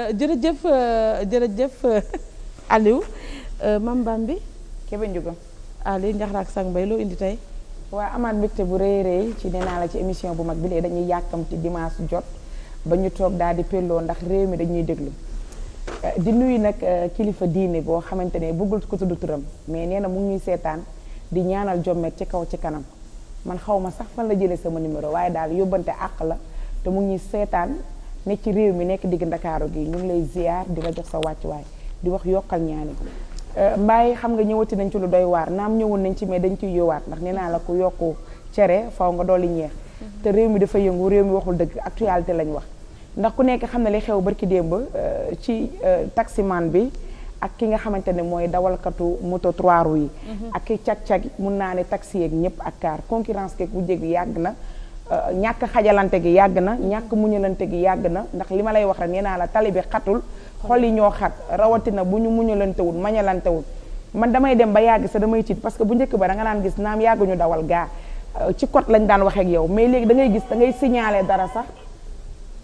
Euh, jërëjëf euh, jërëjëf euh, Aliou Mame Bambi Kébé Ndiouga Aliou Ndiakhate ak Sang Mbaye loo indi tey. waa amaat mbégte bu rëy rëy ci nee naa la ci émission bu mag bi lee dañuy yàkkamti dimanche jot ba ñu toog daal di pelloo ndax réew mi dañuy déglu. di nuyu nag kilifa diine boo xamante ne bëggul ko tudd turam mais nee na mu ngi seetaan. di ñaanal jommet ci kaw ci kanam man xaw ma sax fan la jëlee sama numéro waaye daal yóbbante àq la te mu ngi seetaan ne ci réew mi nekk digg ndakaaru gi ñu ngi lay ziar di la jox sa wàccuwaay di wax yokkal ñaani euh, mbaay xam nga ñëwati nañ ci lu doy waar naam ñëwoon nañ ci mais dañ ciy yowaat ndax nee naa la ko yokku cere faw nga dolli ñeex mm-hmm. te réew mi dafa yëngu réew mi waxul dëgg actualité lañ wax ndax ku nekk xam ne li xew barki démb euh, ci euh, taximan bi ak ki nga xamante ne mooy dawalkatu moto trois roues yi. Mhm. ak ki cag-cag mun naa ne taxi yeeg ñëpp ak car concurrence keeg bu jég yàgg na. Euh, ñàkk xajalante gi yàgg na mhm. ñàkk muñalante gi yàgg na ndax li ma lay wax rek nee naa la tali bi xatul xol yi ñoo xat rawatina bu ñu muñalantewul mañalantewul man damay dem ba yàgg sa damay tiit parce que bu njëkk ba da nga naan gis naam yàgguñu dawal gaa euh, ci code lañ daan waxeeg ak yow mais léegi da ngay gis da ngay signaler dara sax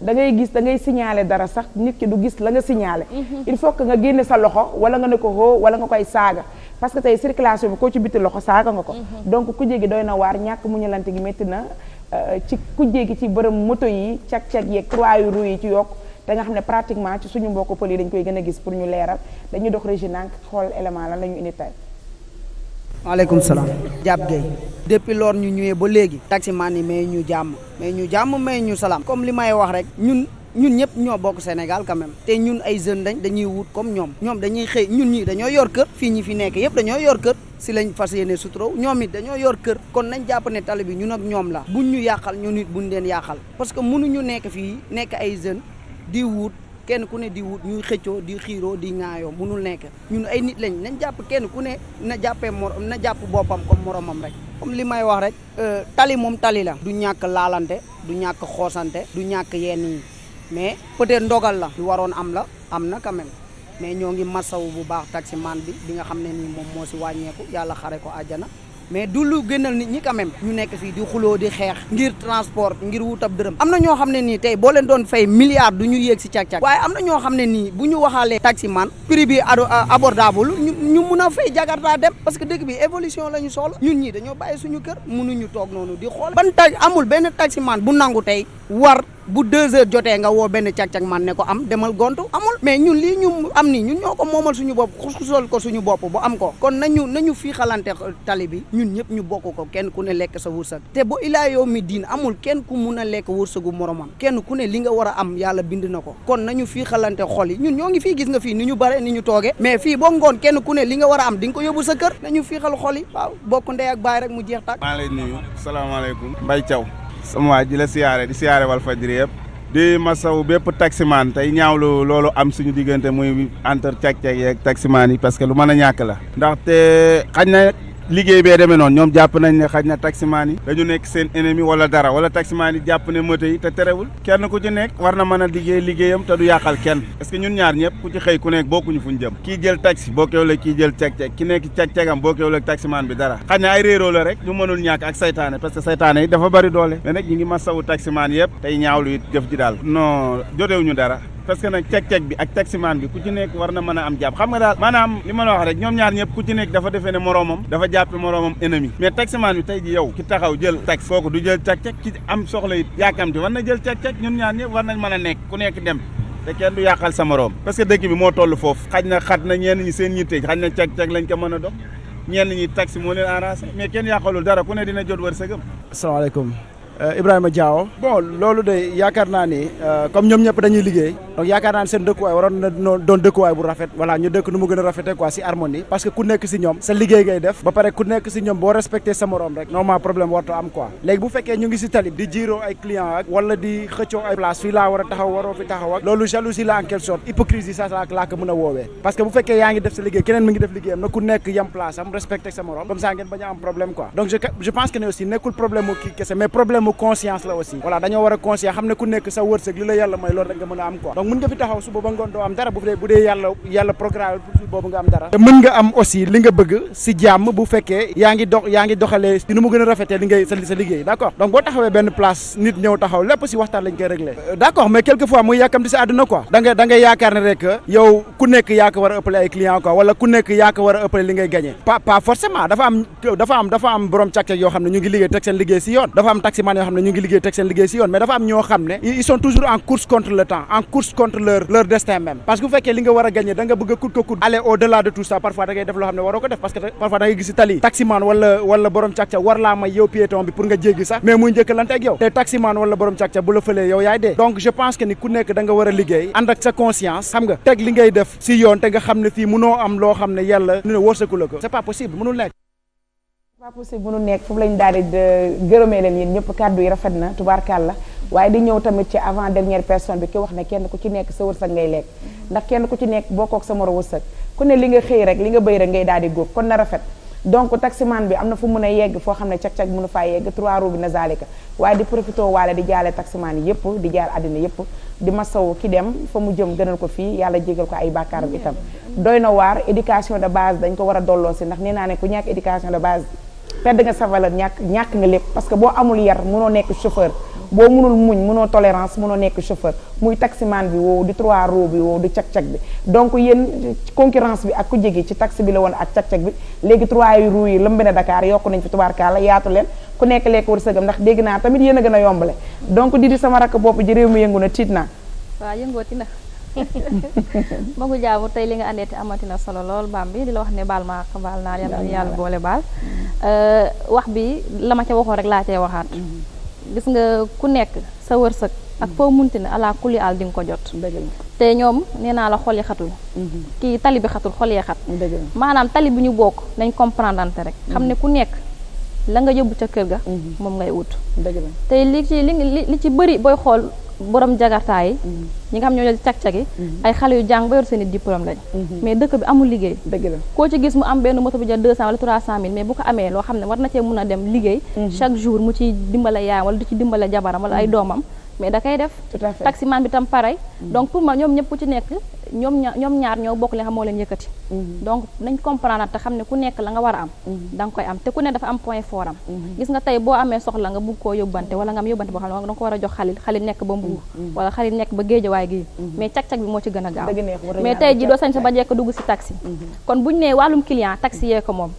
da ngay gis da ngay signaler dara sax nit ki du gis la nga signaler. Mhm. il faut que nga génne sa loxo wala nga ne ko hoo wala nga koy saaga. parce que tey circulation bi ko ci biti loxo saaga nga ko. Mhm. donc kuje gi doy na waar ñàkk mu ñu lante gi métti na euh, ci kuje gi ci bërëm moto yi cag-cag yeeg trois yu yi ci yokk. te nga xam ne pratiquement ci suñu mbokk pël yi dañ koy gën a gis pour ñu leeral dañuy dox régi nank xool élément la la ñu indi maaleykum salaam. jàpp Guèye. depuis lors ñu ñëwee ba léegi. taximaan yi may ñu jàmm may ñu jàmm may ñu salaam. comme li may wax rek ñun. ñun ñëpp ñoo bokk Sénégal quand te ñun ay jeunes dañ dañuy wut comme ñoom ñoom dañuy xëy ñun ñii dañoo yor kër fii ñi fi nekk yëpp dañoo yor kër si lañ fas yéene suturaw ñoom it dañoo yor kër kon nañ jàpp ne tali bi ñun ak ñoom la buñ ñu yàqal ñun it buñ leen yàqal parce que mënuñu nekk fii nekk ay jeunes di wut kenn ku ne di wut ñuy xëccoo di xiiroo di ŋaayoo munul nekk ñun ay nit lañ nañ jàpp kenn ku ne na jàppee mor na jàpp boppam comme moromam rek comme li may wax rek euh, tali moom tali la du ñàkk laalante du ñàkk xoosante du ñàkk yenn yi mais peut ndogal la lu waroon am la am na quand même mais ñoo ngi masawu bu baax si taximan bi bi nga xam ne nii moom moo si wàññeeku yàlla xare ko àjjana mais du lu gënal nit ñi quand même ñu nekk fii di xuloo di xeex ngir transport ngir wutab dërëm am na ñoo xam ne nii tey boo leen doon fay milliard du ñu yéeg si càq-càq waaye am na ñoo xam ne nii bu ñu waxaalee taximan prix bi abordable ñu mun a fay jakarta dem parce que dëkk bi évolution lañu ñu soxla ñun ñii dañoo bàyyi suñu kër munuñu toog noonu di xool ban tax amul benn taximan bu nangu tey war bu deux heures jotee nga woo benn cag-cag man ne ko am demal gontu amul mais ñun lii ñu am ni ñun ñoo ko moomal suñu bopp xusal ko suñu bopp bu am ko kon nañu nañu fii xalante tali bi ñun ñëpp ñu bokk ko kenn ku ne lekk sa wërsëg te bu ilaa yow mi diin amul kenn ku mun a lekk wërsëgu moromam kenn ku ne li nga war a am yàlla bind na ko kon nañu fii xalante xol yi ñun ñoo ngi fii gis nga fii ni ñu bare ni ñu tooge mais fii boo ngoon kenn ku ne li nga war a am di nga ko yóbbu sa kër nañu fii xal xol yi waaw ak baay mu jeex tàkk maa lay nuyu salaamaaleykum Mbaye Thiaw sama waay di la siyaare di siyaare Walfadjri yëpp di masaw bépp taximaan tey ñaawlu loolu am suñu diggante muy entre càq-càq yeeg taximaan yi parce que lu mën a ñàkk la ndaxte xañ na liggéey bee demee noonu ñoom jàpp nañ ne xaj na taximaan yi dañu nekk seen ennemi wala dara wala taximaan yi jàpp ne moto yi te terewul kenn ku ci nekk war na mën a liggéey liggéeyam te du yàqal kenn est-ce ñun ñaar ñëpp ku ci xëy ku nekk bokkuñu fuñ jëm kii jël taxi bokkewul ak kii jël ceg-ceg ki nekk ceg-cegam bokkewul ak taximaan bi dara xaj na ay réeroo la rek ñu mënul ñàkk ak saytaane parce que saytaane yi dafa bari doole mais nag ñi ngi masawu taximaan yëpp tey ñaawlu it jëf daal non jotewuñu dara parce na nag ceg bi ak taximaan bi ku ci nekk war na mën a am jàpp xam nga daal maanaam li ma la wax rek ñoom ñaar ñëpp ku ci nekk dafa defee ne moroomam dafa jàppe moroomam ennemi mais taximaan bi tey ji yow ki taxaw jël taxi kooku du jël ceg-ceg ki am soxla it yaakamti na jël ceg-ceg ñun ñaar ñëpp war nañ mën a nekk ku nekk dem te kenn du yàqal sa moroom parce que dëkk bi moo toll foofu xaj na xat na ñenn ñi seen yitte xaj na ceg-ceg lañ ko mën a dox ñenn ñi taxi moo leen arrangé mais kenn yàqalul dara ku ne dina jot wërsëgam asalaamaaleykum Euh, Ibrahima Diawo bon loolu de yaakaar naa ni euh, comme ñoom ñëpp dañuy liggéey donc yaakaar naa ni seen dëkkuwaay waroon na doon dëkkuwaay bu rafet voilà ñu dëkk nu mu gën a rafetee si harmonie parce que ku nekk si ñoom sa liggéey ngay def ba pare ku nekk si ñoom boo respecté sa morom rek normalement problème warto am quoi léegi bu fekkee ñu ngi si talib di jiiroo ay client ak wala di xëccoo ay place fii laa war a taxaw waroo fi taxaw ak loolu jalousie a woowee parce que bu fekkee yaa ngi def sa liggéey keneen mi problème conscience la aussi voilà dañoo war a xam ne ku nekk sa wërsëg li la yàlla may loolu rek mën a am quoi donc mën nga fi taxaw suba ba ngoon doo am dara bu dee yàlla yàlla programme boobu nga am dara te mën nga am aussi li nga bëgg si jàmm bu fekkee yaa ngi dox yaa ngi doxalee ni mu gën a rafetee li ngay sa liggéey d' donc boo taxawee benn place nit ñëw taxaw lépp si waxtaan lañ koy réglé euh, d' mais quelque fois muy yàkkamti si yoo xam ne ñu ngi liggéey teg seen liggéey si yoon mais dafa am ñoo xam ne toujours en course contre le temps en course contre leur leur destin même parce que bu fekkee li nga war a gagner da nga bëgg a coûte que coûte aller au de tout ça parfois da def loo xam ne waroo ko def parce que parfois da gis tali taximan wala wala borom càq-càq war laa may yow piéton bi pour nga jéggi sax mais muy njëkkalante ak yow te taximan wala borom càq-càq pas possible bu nu nekk foofu lañu daal di rafet na tubaarkàlla waaye di ñëw tamit ci avant dernière personne bi ki wax ne kenn ku ci nekk sa wërsëg ngay ku ci nekk bokkook sa moro wërsëg ku li nga xëy rek li nga bëy rek ngay daal di góob kon na rafet donc taximan bi am na a yegg foo xam ne cag-cag mënu faa yegg trois roues bi na zalika waaye di profité waale di jaale taximan yi yëpp di jaal àddina yëpp di masawu ki dem fa mu jëm gënal ko fii yàlla jégal ko ay bàkkaaram itam doy na waar éducation de base dañ ko war a dolloo si ndax nee naa ne ku ñàkk éducation de base perd nga sa valeur ñàkk ñàkk nga lépp parce que boo amul yar mënoo nekk chauffeur boo mënul muñ mënoo tolérance mënoo nekk chauffeur muy taximan bi woowu du trois roues bi woowu du cag-cag bi donc yéen concurrence bi ak ku jege ci taxi bi la woon ak cag-cag bi léegi trois roues yi lëmbe na Dakar yokk nañ fi tubaarkaala yaatu leen ku nekk lekk wërsëgam ndax dégg naa tamit yéen gën a yombale donc di di sama rakk bopp ji réew mi na tiit naa na ma ko jaabu tey li nga àndee te amati na solo lool baam bi di la wax ne baal ma baal naa yàlla yàlla boole baal wax bi la ma ca waxoon rek laa cay waxaat mm-hmm. gis nga ku nekk sa wërsëg ak foo mm-hmm. munti ne ala kulli àll di nga ko jot te ñoom nee naa la xol yi xatul mm-hmm. kii tali bi xatul xol yee xat maanaam tali bi ñu bokk nañ comprendre rek xam ne ku nekk la nga yóbbu ca kër ga mhm. moom ngay wut tey li ci li li ci bëri booy xool borom jagartaa yi mhm. ñi nga xam ñoo jël cag-cag mhm. ay xale yu jàng ba yor seen i diplôme lañ mais dëkk bi amul liggéey dëgg la koo ci gis mu am benn moto bi jar deux cent wala trois cent mille mais bu ko amee loo xam ne war na cee mun a dem liggéey chaque jour mu ci dimbale yaayam wala du ci dimbale jabaram wala ay doomam mais da koy def taximan bi tam pareil donc pour ma ñoom ñëpp ku ci nekk ñoom ñaar ñoom ñaar ñoo bokk li nga xam moo leen yëkkati. Mm-hmm. donc nañ comprendre te xam ne ku nekk la nga war a am. Mm-hmm. da nga koy am te ku ne dafa am point fort am. Mm-hmm. gis nga tey boo amee soxla nga bugg koo yóbbante wala nga am yóbbante boo xam ne da nga ko war a jox xalil xalil nekk ba mbuur wala xalil nekk ba géejawaay gi mais cag-cag bi moo ci gën a gaaw mais tey ji doo sañ sa ba jekk dugg si taxi kon buñ nee wàllum client taxi yee ko moom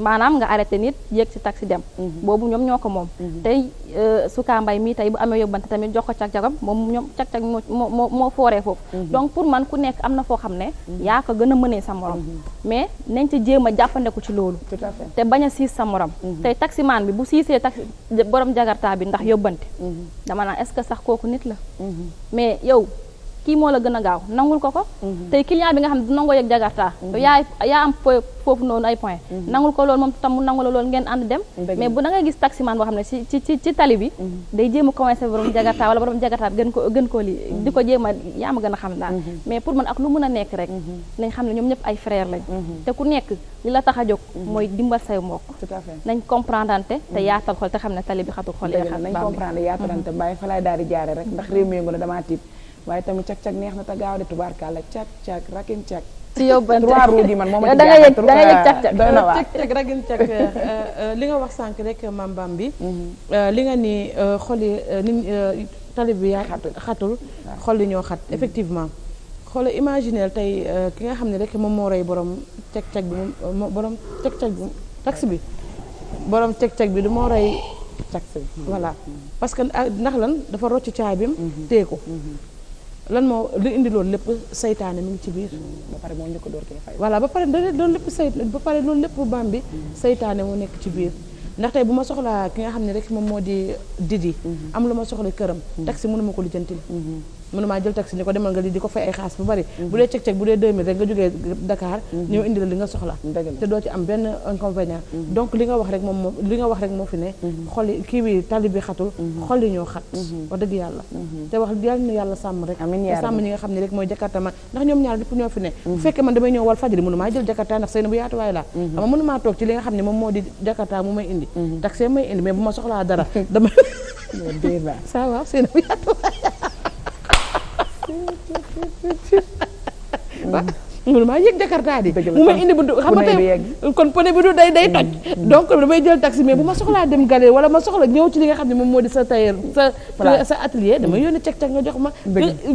maanaam nga arrêté nit yéeg ci taxi dem mhm. boobu ñoom ñoo ko moom mhm. tey euh, sukaa mbay mii tey bu amee yóbbante tamit jox ko cag-cagam moom ñoom cag-cag moo moo fooree foofu mhm. donc pour man ku nekk am na foo xam ne yaa ko gën a mënee sa morom mais nañ ci jéem a jàppandeku ci loolu te bañ a siis sa morom tey taximaan bi bu siisee taxi borom jagarta bi ndax yóbbante dama naan est-ce que sax kooku nit la mais yow kii moo la gën a gaaw nangul ko ko mhm. tey client bi nga xam ne du nangoo yeg jakarta mhm. yaay yaa am po foofu noonu ay point mhm. nangul ko loolu moom tam mu nangul loolu ngeen ànd dem mais bu da ngay gis taximan boo xam ne ci tali bi day jéem a commencé borom jakarta wala borom jakarta bi gën ko gën koo li di ko jéem a yaa ma gën a xam daal mais pour man lu mën a nekk xam ne ñoom ñëpp ay frère lañ te nekk la tax a jóg mooy dimbal say mbokk nañ comprendre ante te yaatal xol te xam ne tali bi xatul xol nañ comprendre yaatalante daal di jaare rek ndax réew mi yëngu la damaa tiit waaye tamit cag-cag neex na te gaaw de tubaarkàlla cag-cag rakin cag ci yóbbante trois roues man moom da nga yëg da nga yëg ah, cag-cag euh, euh, nga wax sànq rek maam bam bi mm-hmm. euh, li nga ni xol yi ni tali bi yaa xatul ah. xol yi ñoo mm-hmm. effectivement xoola imaginel tey ki nga xam ne rek moom moo rey borom ceg-ceg bi moom borom bi borom ceg bi du moo rey mm-hmm. que ah, ndax lan dafa lan moo li indi loolu lépp saytaane mu ngi ci biir. ba pare moo njëkk a door kii fay. voilà ba pare loolu lépp say ba pare loolu lépp baam bi. saytaane moo nekk ci biir. ndax bu ma soxlaa ki nga xam ne rek moom moo di didi. Mhm. am lu ma soxla këram. Mhm. taxi mënuma ko lijjantil. Mhm. mënumaa jël taxi ni ko demal nga lii di ko fay ay xaas bu bari mhm. bu dee ceg-ceg bu dee 2000 rek nga jógee Dakar mhm. ñëw indi la li nga soxla te doo ci am benn inconvénient mhm. donc li nga wax rek moom moo fi ne xol yi kii bi tali yàlla te wax yàlla na yàlla sàmm rek te sàmm ñi nga mooy jakarta man ndax ñoom ñaar lépp ñoo fi ne bu mu may indi taxi may indi mais bu ma soxlaa dara dama ça va bu yaatuwaay mun maa yëg jakartaa di mu may indi bu du xam nga tey kon pone bi du day day mm. toj donc damay jël taxi mais bu ma soxlaa dem galerie wala ma soxla ñëw ci li nga xam ne moom moo di sa tailleur sa sa atelier damay yónni ceg ceg nga jox ma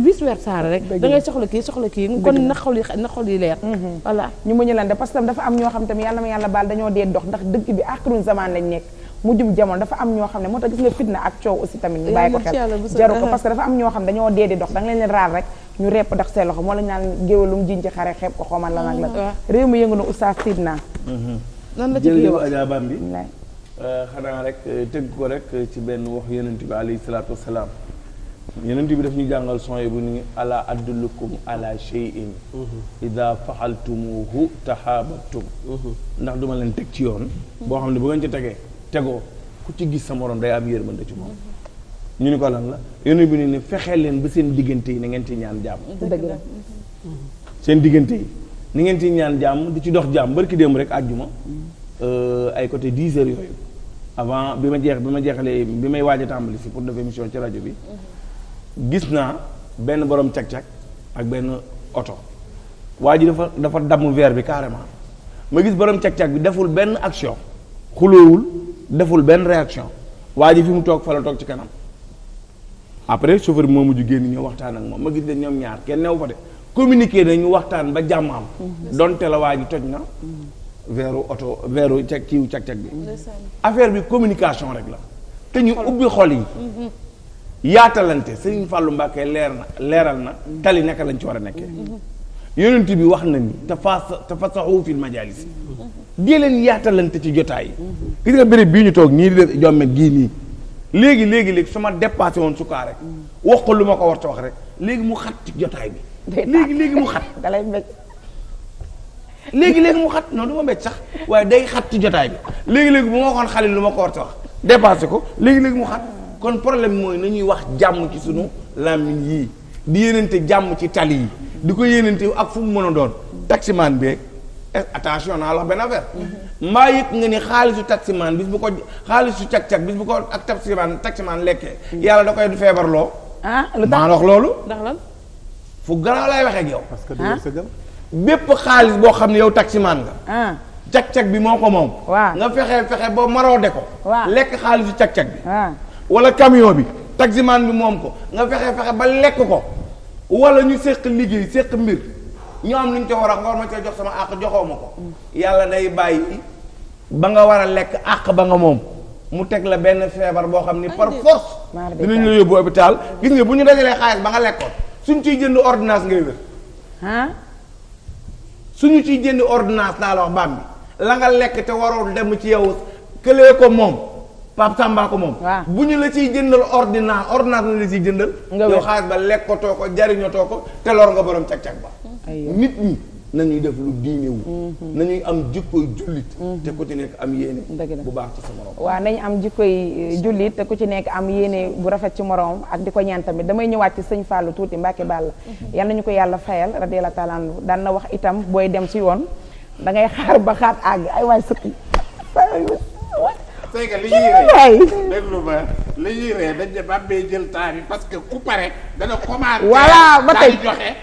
vice versa rek da ngay soxla kii soxla kii kon na xol yi na xol yi leer mm-hmm. voilà ñu muñu lan de parce que dafa am ñoo xam tamit yàlla ma yàlla baal dañoo dee dox ndax dëkk bi aaxirun zaman lañ nekk mu mujjum jamono dafa am ñoo xam ne moo tax gis nga fitna ak coow aussi tamit ñu bàyyi ko xel jaru ko parce dafa am ñoo xam dañoo dee di dox da nga leen leen raar rek ñu repp ndax seen loxo moo lañ naan géwalum jiñ ci xare xeeb ko xooman la nag la réew mi yëngu na oustaz fitna mm-hmm. nan la ci jël Adja Bambi euh, xanaa rek euh, tëgg ko rek ci benn wax yonent bi alayhi salaatu wasalaam yonent bi daf ñu jàngal son yi bu ni ala addulukum ala shay'in mm-hmm. ida faxaltumuhu taxaabatum mm-hmm. ndax duma leen teg ci yoon boo xam ne bu ngeen ci tegee tegoo ku ci gis sa morom day am yërmande ci moom ñu ni ko lan la yónni bi ne ni fexee leen ba seen diggante yi na ngeen ci ñaan jàmm seen diggante yi ni ngeen ci ñaan jàmm di ci dox jàmm barki démb rek àjjuma euh, ay côté 10 heures yooyu avant bi ma jeex bi ma jeexalee bi may waaj a tàmbali si pour def émission ci rajo bi gis naa benn borom cag-cag ak benn oto waa ji dafa dafa damm verre bi carrément ma gis borom cag-cag bi deful benn action xuloowul deful benn réaction waa ji fi mu toog fa la toog ci kanam après chauffeur bi moo mujj génn ñëw waxtaan ak moom ma gis ne ñoom ñaar kenn newu fa de communiqué nañu waxtaan ba jàmm mm, donte la waa ji toj na mm. veeru oto veeru ca kiiw cag-cag bi affaire bi communication rek la te ñu ubbi xol yi mm-hmm. yaatalante Serigne fàllu Mbacké leer na leeral na mm-hmm. tali naka lañ ci war a nekkee mm-hmm. yonent bi wax na ni tafa tafasaxu fil majalis dee leen yaatalante ci jotaay gis nga béréb bii ñu toog ñii di def jomme gii nii léegi léegi léegi su ma dépassé woon sukaa wax ko lu ma ko war ta wax rek léegi mu xat ci jotaay léegi léegi mu xat da lay mbéj léegi léegi mu xat non du ma sax waaye day xat ci jotaay bi léegi léegi bu ma waxoon xale lu ma ko war wax dépassé ko léegi léegi mu xat kon problème mooy nañuy wax jàmm ci sunu làmmiñ yii di yéenante jàmm ci tali yi di ko yéenante ak fu mu mën a doon taximaan beeg Eh, attention naa la benn affaire. mbaa yëg nga ni xaalisu taximaan bis bu ko xaalisu cag-cag bis bu ko ak taximaan taximaan lekkee. Hmm. yàlla da koy feebarloo. ah lu tax maa wax loolu. ndax lan fu garaaw lay waxee ak yow. parce que du ah. bépp xaalis boo xam ne yow taximaan nga. Ah. cag-cag bi moo ko moom. waaw nga fexe fexe boo maroode ko. waaw lekk xaalisu cag-cag bi. Ah. wala camion bi. taximaan bi moom ko nga fexe fexe ba lekk ko. wala ñu séq liggéey séq mbir. ñoo am lu ñu ca war a nga war ma cee jox sama àq joxoo ma ko yàlla day bàyyi ba nga war a lekk àq ba nga moom mu teg la benn feebar boo xam ni par force dinañ la yóbbu hôpital gis nga bu ñu dajalee xaalis ba nga lekkoon ciy jënd ordonnance ngay suñu ciy jënd ordonnance laa la wax baam bi lekk te warul dem ci yow këlee ko moom Pape moom. bu ñu la ciy jëndal ordonnance ordonnance la ciy jëndal. nga wér xaalis ba lekkatoo ko jariñatoo ko te lor nga boroom cag-cag ba. nit ñi nañuy def lu diinewu mhm. nañuy am jikkoy jullit mhm. te ku ci nekk am yéene bu baax ci sa morom am jikkoy eh, jullit te ku ci nekk am yéene bu rafet ci moroom ak di ko ñaan tamit damay ñëwaat ci sëñ Fallou tuuti Mbacke Balla mhm. yal nañu ko yàlla fayal radiyallahu taala anhu daan na wax itam booy dem ci yoon da ngay xaar ba xaat àgg ay waay sëkk c'est parce que ku pare ba tey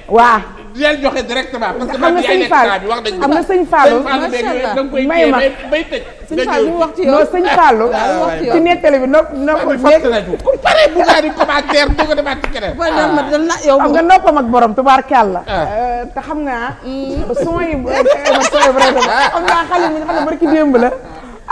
waa di leen joxe directement. parce que man bi ay bi wax dañ ko. am na sëñ Fallou may ma sëñ Fallou wax ci yow non sëñ Fallou. Ah, ci nettali bi nopp nopp nekk. ku ba bu gaa di commentaire doo ko demaat ci keneen. Ah. yow xam nga noppam ak borom tubaarkàlla. Ah. Euh, te xam nga. Mm. son yi xam naa xale mi nga xam ne barki démb la.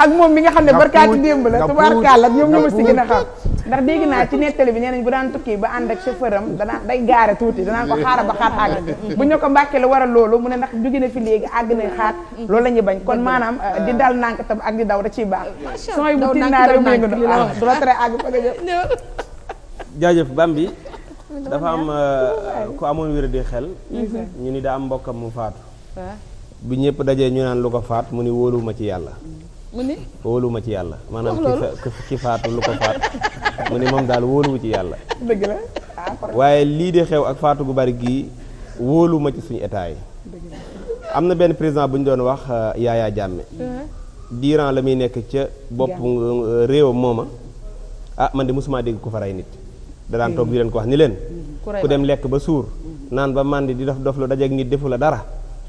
ak moom mi nga xam ne barkaati démb la tubaarkàlla ñoom ñoo ma si gën a xam ndax dégg naa ci nettali bi nee nañ bu daan tukki ba ànd ak chauffeur am danaan day gaare tuuti danaan ko xaaral ba xaat àgg bu ñu ko mbàkkee la waral loolu mu ne ndax jóge na fi léegi àgg na xaat loolu la ñuy bañ kon maanaam euh, di dal nànk tam ak di daw da ciy baax sooy bu tin naa réew mi nga du la tere àgg fa nga jëm jaajëf Bambi dafa am euh, ku amoon wér di xel mm-hmm. ñu ni daa am mbokkam mu faatu bi ñëpp dajee ñu naan lu ko faat mu ni wóoluwuma ci yàlla mm. mu ni ci yàlla maanaam ki faatu moom daal wóoluwu ci yàlla ah, waaye lii di xew ak faatu gu bari gii wóoluwuma ci suñu état yi am na benn président bu ñu doon wax euh, yaayaa Jammeh uh-huh. diiran la muy nekk ca bopp euh, réew mooma ah man de mosuma dégg ko fa rey nit da daan toog di leen ko wax ni leen mm-hmm. ku dem lekk ba suur mm-hmm. naan ba màndi di dof dof la dajeek nit defu la dara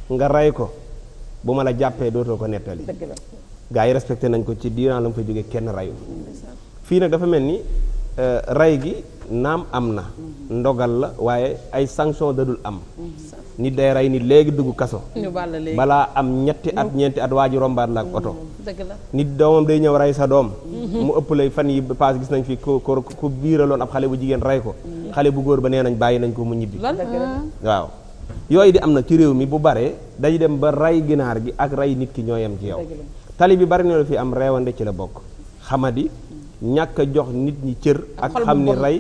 nga rey ko bu ma la jàppee dootoo ko nettali gaa yi respecté nañ ko ci durant la mu fa jógee kenn rayu fii nag dafa mel ni euh, ray gi naam am na ndogal la waaye ay sanction dadul am nit day rey nit léegi dugg kaso balaa am ñetti at mm. ñeenti at waa ji rombaat la ak mm. oto nit doomam day ñëw rey sa doom mm-hmm. mu ëpp lay fan yi paas gis nañ fi ku ku biiraloon ab xale bu jigéen rey ko mm. xale bu góor ba nee nañ bàyyi nañ ko mu ñibbi waaw yooyu di am na ci réew mi bu bare day dem ba rey ginaar gi ak rey nit ki ñooyam ci yow tali bi bari na la fi am reewande ci la bokk xamadi ñàkk jox nit ñi cër ak xam ni rey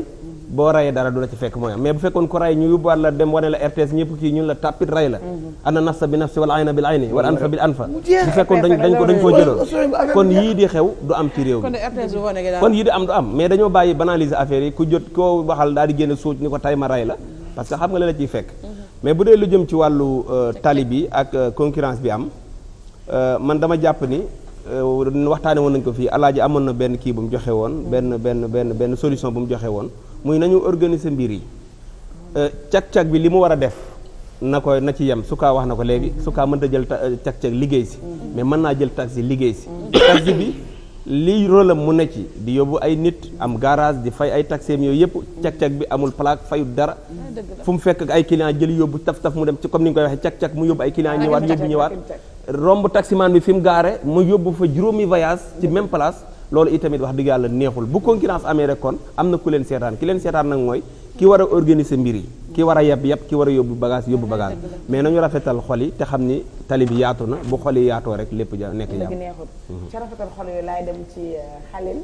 boo reyee dara du la ci fekk mooy am mais bu fekkoon ko rey ñu yóbbuwaat la dem wane la RTS ñëpp kii ñun la tàppit rey la mhm. ana nafsa bi nafsi wala ayna bil ayni wala anfa bil anfa bu fekkoon dañ dañ ko dañ koo jëloon kon yii di xew du am ci réew mi kon yii di am du am mais dañoo bàyyi banaliser affaire yi ku jot koo waxal daal di génne suuc ni ko tay ma rey la parce que xam nga la la ciy fekk mhm. mais bu dee lu jëm ci wàllu euh, tali bi ak euh, concurrence bi am Euh, man dama jàpp ni euh, waxtaane woon nañ ko fii alaaji amoon na benn kii bu mu joxee woon benn benn benn benn solution bu mu joxe woon muy nañu organiser mbir yi euh, cag-cag bi li mu war a def na ko na ci yem su kaa wax na ko léegi su kaa mënta jël cag-cag liggéey si mais mën naa jël taxi liggéey si taxi bi lii rôle am mu ne ci di yóbbu ay nit am garage di fay ay taxeem yooyu yëpp cag-cag bi amul plaque fayu dara ah, fu mu fekk ay client jël yóbbu taf romb taximaan bi fi mu gaare mu yóbbu fa juróomi voyage ci même place loolu itamit wax dëgg yàlla neexul bu concurrence amee rek kon am na ku leen seetaan ki leen seetaan nag mooy ki war a organiser mbir yi ki war a yeb yeb ki war a yóbbu bagage yóbbu bagage mais nañu rafetal xol yi te xam ni tali bi yaatu na bu xol yaatoo rek lépp ja nekk yàlla neexul mhm. ca rafetal xol yooyu laay dem ci euh, xalil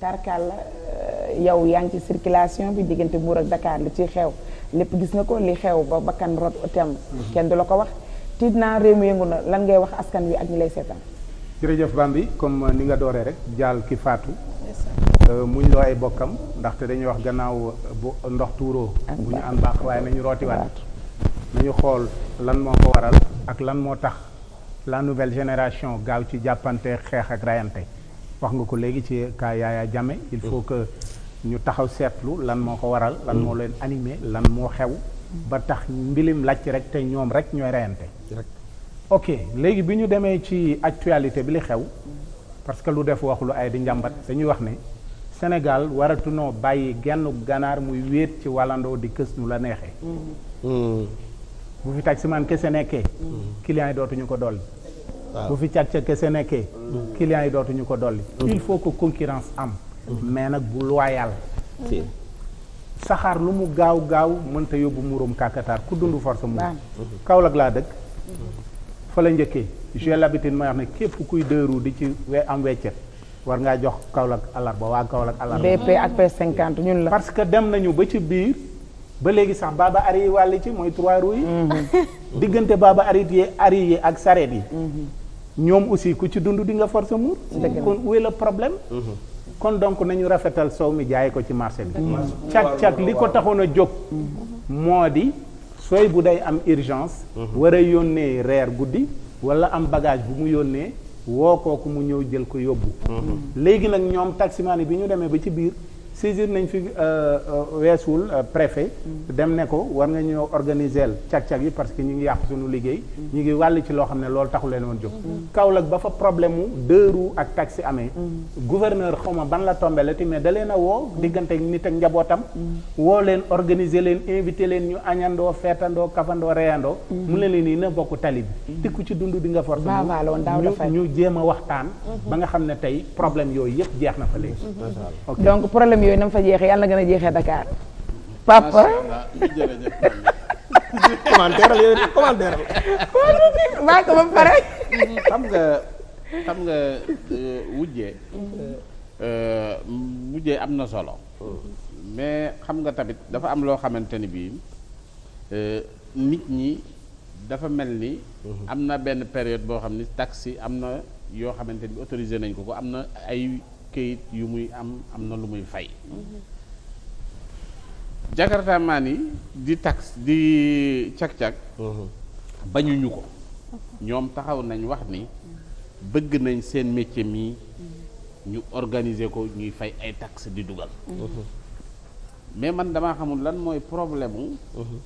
tarkal euh, yow yaa ngi ci circulation bi diggante Mbour ak Dakar li ciy xew lépp gis nga ko li xew ba bakkan mhm. kenn du la ko wax tiit naa réew mi yëngu lan ngay wax askan wi ak ñi lay seetaan. jërëjëf bi comme euh, ni nga dooree rek jaal ki faatu. Euh, muñ loo ay bokkam ndaxte dañuy wax gannaaw euh, bu ndox tuuroo. bu ñu an baax waaye nañu rootiwaat. nañu xool lan moo ko waral ak lan moo tax la nouvelle génération gaaw ci jàppante xeex ak rayante wax nga ko léegi ci kaa Yaya jame il faut mm. que ñu taxaw seetlu lan moo ko waral. lan moo mm. leen animé lan moo xew. ba tax mbilim làcc rek te ñoom rek ñooy reyante ok léegi bi ñu demee ci actualité bi li xew parce que lu def waxulu lu ay di njàmbat dañuy wax ni Sénégal waratunoo bàyyi genn ganaar muy wéet ci wàllandoo di kës nu la neexee mm-hmm. bu fi taj si kese nekkee mm-hmm. clients yi dootuñu ko dolli bu fi càcc kese nekkee mm-hmm. clients yi dootuñu ko dolli il faut que concurrence am mais nag bu loyal saxaar lu mu gaaw gaaw mënta yóbbu muuram kàkkataar ku dund force mu Kaolack laa dëkk fa la njëkkee jue labitin ma wax ne képp kuy dëru di ci we am weccet war ngaa jox Kaolack àllarba waa Kaolack àllarba BP ak P50 ñun la parce que dem nañu ba ci biir ba léegi sax baaba ari yi wàll ci mooy trois roues yi mhm. diggante baaba arit yi ari yi ak sareet yi mhm. ñoom aussi ku ci dund di nga force muur kon où est problème mhm. kon donc nañu rafetal soow mi jaay ko ci marché bi cag cag li ko taxoon a jóg moo di sooy bu day am urgence war yónnee reer guddi wala am bagage bu mu yónnee woo kooku mu ñëw jël ko yóbbu mhm. léegi nag ñoom taximaani bi ñu demee ba ci biir saisir nañ fi euh, euh, weesuwul euh, préfet dem ne ko war nga ñoo organiser cag-cag yi parce que ñu ngi yàq suñu liggéey ñu ngi wàll ci loo xam ne loolu taxu leen woon jóg Kaolack ba fa problème mu deux roues ak taxi amee gouverneur xaw ma ban la tombé la mais da leen a woo diggante nit ak njabootam woo leen organiser leen invité leen ñu añandoo feetandoo kafandoo reyandoo mu ne leen nii na bokk tali bi te ci dund di nga force ñu jéem a waxtaan ba nga xam ne tey problème yooyu yëpp jeex na yooyu na mu fa jeexee yàlla na gën a jeexee Dakar papa. commentaire la ko ba pare. xam nga xam nga wujjee. Euh, wujjee euh, am na solo. mais xam nga tamit dafa am loo xamante ni bii euh, nit ñi dafa mel ni. Mhm. am na benn période boo xam ni taxi am na yoo xamante ni autorisé nañ ko ko am na ay. këyit yu muy am am na lu muy fay jakarta maan yi di tax di cag-cag mhm. bañuñu ko ñoom taxaw nañ wax ni bëgg nañ seen métier mi ñu organiser ko ñuy fay ay taxes di dugal mhm. mais man damaa xamul lan mooy problème mu mhm.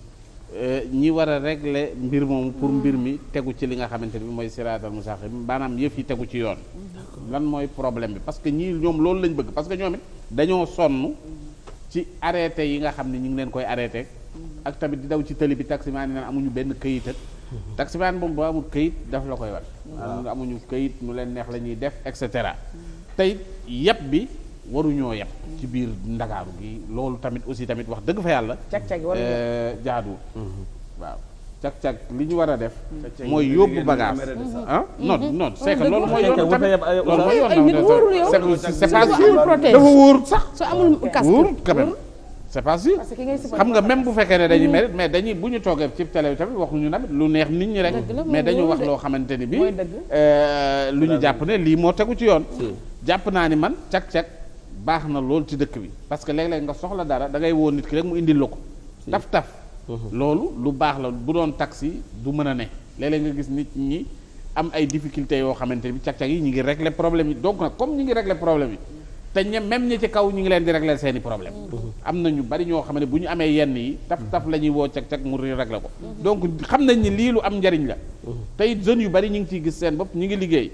Euh, ñi war a régler mbir moomu pour mbir mi tegu ci li nga xamante ni mooy siraatal mustaqim maanaam yëf yi tegu ci yoon lan mooy problème bi parce que ñii ñoom loolu lañ bëgg parce que ñoom dañoo sonn ci arrêté yi nga xam ne ñu ngi leen koy arrêté mm-hmm. ak tamit di daw ci tëli bi taximaan yi naan amuñu benn këyit ak mm-hmm. taximaan boobu ba amul këyit daf la koy war amuñu këyit mu leen neex la ñuy def et cetera mm-hmm. tey yëpp bi waruñoo yem ci biir ndakaaru gi loolu tamit aussi tamit wax dëgg fa yàlla euh, jaadu mhm. waaw cag-cag li ñu war a def mooy yóbbu bagage ah non mhm. non c'est que mhm. loolu mooy yoon tamit loolu mooy yoon c'est pas sûr dafa sax su amul casque wóor quand même c'est pas sûr xam nga même bu fekkee ne dañuy mérite mais dañuy bu ñu toogee ci télé bi tamit waxuñu tamit lu neex nit ñi rek mais dañu wax loo xamante ni bi euh, lu ñu jàpp ne lii moo tegu ci yoon jàpp naa ni man cag-cag baax na lool ci dëkk bi parce que léeg-léeg nga soxla dara dangay ngay woo nit ki rek mu indil la ko taf-taf mhm. loolu lu baax la bu doon taxi du mën a ne léeg-léeg nga gis nit ñi am ay difficultés yoo xamante ni cag-cag yi ñu ngi régler problème yi donc nag comme ñu ngi régler problème yi te ña même ñi ci kaw ñu ngi leen di régler seen i problème mhm. am na ñu bari ñoo xam ne bu ñu amee yenn yi taf-taf la ñuy woo cag-cag mu régler ko mhm. donc xam nañ ñi lii lu am njariñ la tey jeunes yu bari ñu ngi ciy gis seen bopp ñu ngi liggéey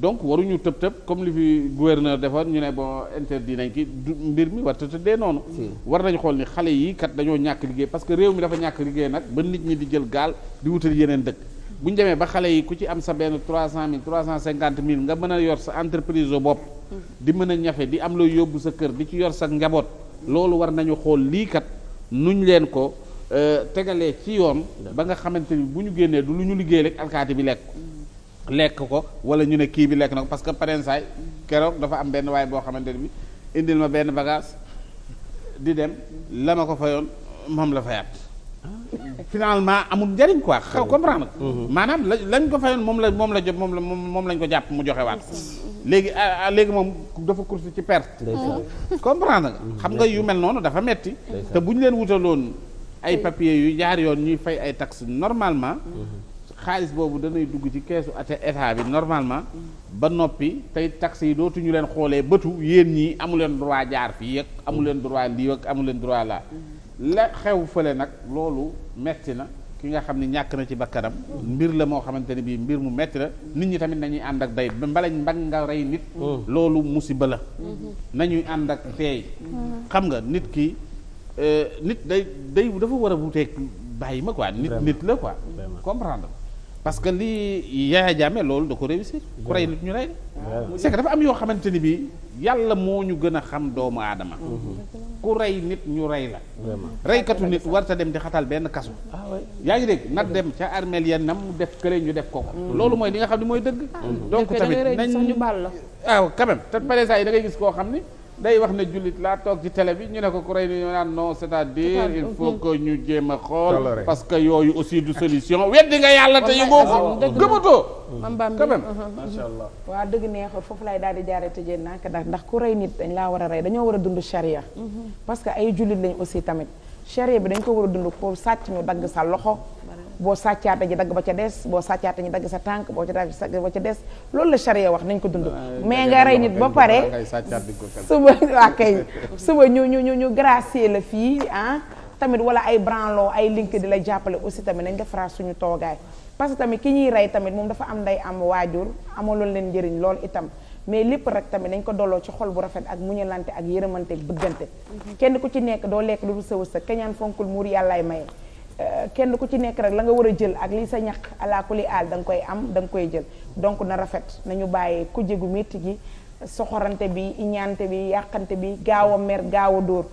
donc waruñu tëb tëb comme li fi gouverneur defoon ñu ne bon interdit nañ ki du mbir mi war tëddee noonu. war nañ xool ni xale yii kat dañoo ñàkk liggéey parce que réew mi dafa ñàkk liggéey nag ba nit ñi di jël gaal di wutal yeneen dëkk. bu ñu demee ba xale yi ku ci am sa benn trois cent mille trois cent cinquante mille nga mën a yor sa entreprise bopp. Mm-hmm. di mën a ñafe di am loo yóbbu sa kër di ci yor sa njaboot. loolu war nañu xool lii kat nu nuñ leen ko euh, tegalee ci yoon. ba nga xamante ni bu ñu génnee du lu ñu liggéey rek alkaati bi lekk. Mm-hmm. lekk ko wala ñu ne kii bi lekk na ko parce que parensaay keroog dafa am benn waaye boo xamante ni bi indil ma benn bagage di dem la ma ko fayoon moom la fayaat finalement amul njëriñ quoi xaw comprendre mhm. maanaam la lañ ko fayoon moom la moom la jot moom la moom lañ ko jàpp mu joxe waat léegi ah, ah, léegi moom dafa course ci perte comprendre xam nga yu mel noonu dafa metti te bu ñu leen wutaloon ay papier yu jaar yoon ñuy fay ay taxes normalement mhm. xaalis boobu danay dugg ci keesu ate état bi normalement ba noppi tey taxe yi dootuñu leen xoolee bëtu yéen ñii amu leen droit jaar fii ak amu leen droit lii ak amu leen droit laa la xew fële nag loolu metti na ki nga xam ne ñàkk na ci bakkanam mbir la moo xamante ne bii mbir mu metti la nit ñi tamit nañuy ànd ak day mbalañ mbag nga rey nit loolu musiba la nañuy ànd ak teey xam nga nit ki euh, nit day day dafa war a wuteeg bàyyi ma quoi nit nit la quoi comprendre parce que li Yaya Jammeh loolu da ko réussir ku rey nit ñu rey la c'est dafa am yoo xamante ni bi yàlla moo ñu gën a xam doomu aadama mm-hmm. ku rey nit ñu rey la reykatu nit warta dem di xatal benn kasu ah yaa ngi dégg nag dem ca armeel ya nam def kële ñu def ko ko mm-hmm. loolu mooy li nga xam ne mooy dëgg mm-hmm. donc tamit nañ ñu baal la waaw ah, quand te par exemple yi da ngay gis koo xam ni day wax ne jullit laa toog ci télé ñu ne ko ku rey ni ñu naan non c'est-à-dire il faut que ñu jéem a xool parce que yooyu aussi du solution weddi nga yàlla te yëngoo ko gëmatoo mambam quand même uh-huh. macha allah waaw dëgg neexul foofu laay daal di jaare tëjee nak ndax ku rey nit dañ laa war a rey dañoo war a dund charia mm-hmm. parce que ay jullit lañ aussi tamit charia bi dañ ko war a dund pour sàcc ñu dagg sa loxo boo sàccaat dañu dagg ba ca des boo sàccaat dañu dagg sa tànk boo ca dagg ba ca des loolu la charia wax nañ ko dund ah, mais nga rey nit ba pare suba waa kay suba ñu ñu ñu ñu gracier la fii ah tamit wala ay branlo ay link di la jàppale aussi tamit nañ defaraat suñu toogaay parce que tamit ki ñuy rey tamit moom dafa am nday am waajur amaloon leen njëriñ lool itam mais lépp rek tamit nañ ko dolloo ci xol bu rafet ak muñalante ak yërëmante ak bëggante mm-hmm. kenn ku ci nekk doo lekk lu dul sa keñaan fonkul muur yàllaay maye kenn ku ci nekk rek la nga war a jël ak li sa ñaq ala àll aal da nga koy am danga koy jël donc na rafet nañu bàyyee ku jegu métti gi soxorante bi iñaante bi yàqante bi gaaw a mer gaaw a dóor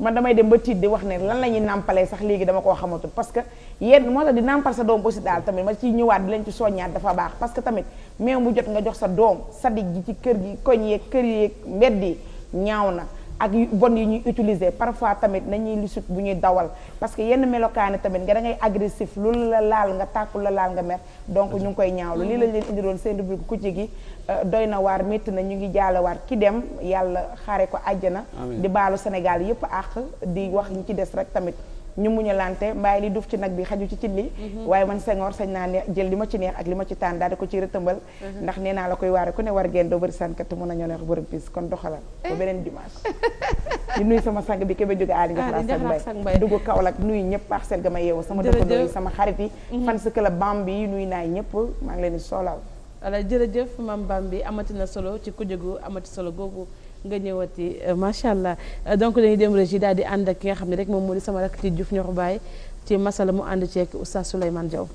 man damay dem ba tiit di wax ne lan la ñuy nàmpalee sax léegi dama koo xamatul parce que yenn moo tax di nàmpal sa doom aussi daal tamit ma ciy ñëwaat di leen ci soññaat dafa baax parce que tamit meew mu jot nga jox sa doom sadik gi ci kër gi koñ yeeg kër yeeg mbedd yi ñaaw na ak bon yi ñuy utiliser parfois tamit nañuy lu sut bu ñuy dawal parce que yenn melokaani tamit nga da ngay agressif loolu la laal nga tàkku la laal nga mer donc ñu ngi koy ñaawlu lii lañ leen indiloon seen rubrique ku ci gi euh, doy na waar métti na ñu ngi jaalewaat ki dem yàlla xaare ko àjjana di baalu Sénégal yépp àq di wax ñu ci des rek tamit ñu muñalante bàyyi li duuf ci nag bi xaju ci cin li mhm. waaye man Senghor sañ naa ne jël li ma ci neex ak li ma ci tànn daal di ko ci rëtëmbal mhm. ndax nee naa la koy waare ku ne war geen doo bëri sànkat te a ñoo neex bërëb bis kon doxalal eh. ba beneen dimanche di nuyu sama sang bi Kébé jóge Aly Ndiakhate Sane Mbaye dugg Kaolack nuyu ñëpp parcelle ga ma yeewu sama dëkkandoo yi sama xarit yi mhm. fan sa la bam bi nuyu naa ñëpp maa ngi leen di soolal voilà jërëjëf mam bam bi amati na solo ci kujëgu amati solo googu nga ñëwati euh, macha allah euh, donc dañuy dem régie daal di ànd ak ki nga xam ne rek moom moo di sama rakk ci Diouf ñoxu baay ci masala mu ànd ceeg oustaz Souleymane Diaw.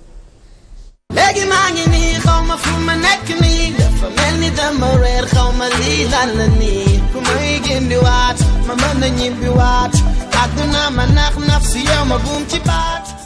léegi maa ngi nii xaw fu ma nekk nii dafa mel ni dama reer xaw ma lii lan la nii fu may génn waat ma mën na ñibbi waat àdduna ma nax naf si yow ma buum ci baat.